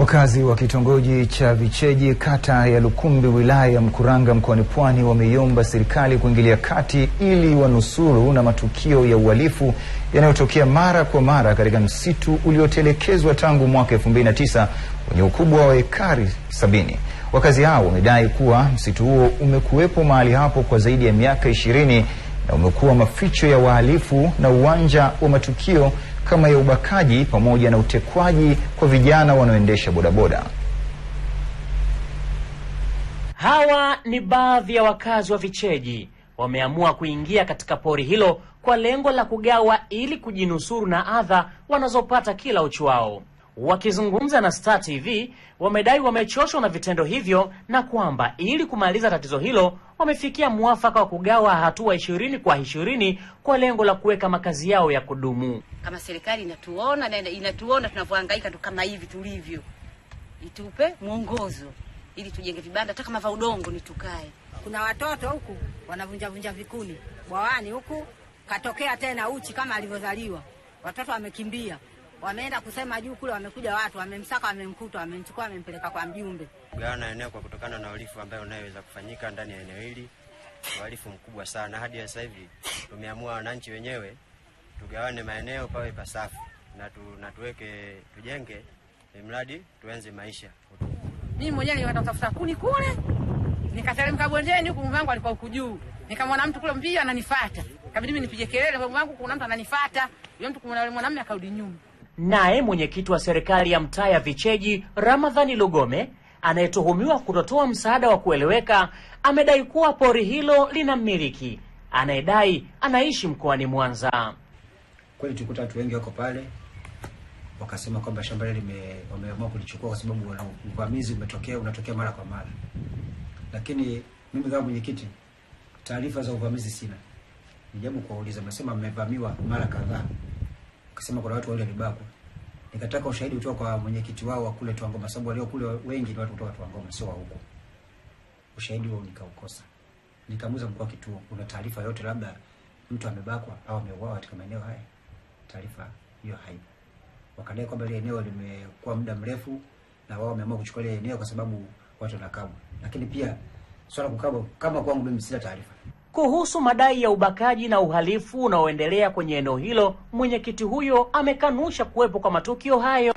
Wakazi wa kitongoji cha Vicheji kata ya Lukumbi wilaya ya Mkuranga mkoani Pwani wameiomba serikali kuingilia kati ili wanusuru na matukio ya uhalifu yanayotokea mara kwa mara katika msitu uliotelekezwa tangu mwaka tisa wenye ukubwa wa ekari sabini. Wakazi hao wamedai kuwa msitu huo umekuwepo mahali hapo kwa zaidi ya miaka ishirini umekuwa maficho ya wahalifu na uwanja wa matukio kama ya ubakaji pamoja na utekwaji kwa vijana wanaoendesha bodaboda. Hawa ni baadhi ya wakazi wa Vicheji wameamua kuingia katika pori hilo kwa lengo la kugawa ili kujinusuru na adha wanazopata kila uchwao. Wakizungumza na Star TV, wamedai wamechoshwa na vitendo hivyo na kwamba ili kumaliza tatizo hilo wamefikia mwafaka wa kugawa hatua ishirini kwa ishirini kwa lengo la kuweka makazi yao ya kudumu. Kama serikali inatuona na inatuona tunavyohangaika kama hivi tulivyo, itupe mwongozo ili tujenge vibanda hata kama vya udongo ni tukae. Kuna watoto huku wanavunjavunja vikuni bwawani huku, katokea tena uchi kama alivyozaliwa, watoto wamekimbia wameenda kusema juu kule, wamekuja watu wamemsaka, wamemkuta, wamemchukua, wamempeleka kwa mjumbe. Gawana eneo kwa kutokana na uhalifu ambayo unayoweza kufanyika ndani ya eneo hili, uhalifu mkubwa sana. Hadi sasa hivi tumeamua wananchi wenyewe tugawane maeneo, pawe pasafi na tu, na tuweke tujenge, mradi tuanze maisha. Mimi mwenyewe kutafuta kuni kule, nikateremka bondeni huku, mwangu alikuwa huku juu, nikamwona mtu kule mbio ananifuata, kabidi mimi nipige kelele kwa mume kuna mtu ananifuata. Yule mtu kumwona yule mwanamume akarudi nyuma Naye mwenyekiti wa serikali ya mtaa ya Vicheji Ramadhani Lugome anayetuhumiwa kutotoa msaada wa kueleweka amedai kuwa pori hilo lina mmiliki anayedai anaishi mkoani Mwanza. Kweli tulikuta watu wengi wako pale, wakasema kwamba shamba lile wameamua kulichukua kwa sababu uvamizi umetokea, unatokea mara kwa mara, lakini mimi kama mwenyekiti, taarifa za uvamizi sina. Nijaribu kuwauliza, mnasema mmevamiwa mara kadhaa akasema kuna watu wale walibakwa. Nikataka ushahidi kutoka kwa mwenyekiti wao wa kule Twangoma, sababu walio kule wengi ni watu kutoka Twangoma, sio wa huko. Ushahidi wao nikaukosa. Nikamuuliza mkuu wa kituo, kuna taarifa yote labda mtu amebakwa au ameuawa katika maeneo haya? Taarifa hiyo haipo. Wakadai kwamba ile eneo limekuwa muda mrefu na wao wameamua kuchukua ile eneo kwa sababu watu wanakabwa, lakini pia swala kukabwa, kama kwangu mimi sina taarifa. Kuhusu madai ya ubakaji na uhalifu unaoendelea kwenye eneo hilo, mwenyekiti huyo amekanusha kuwepo kwa matukio hayo.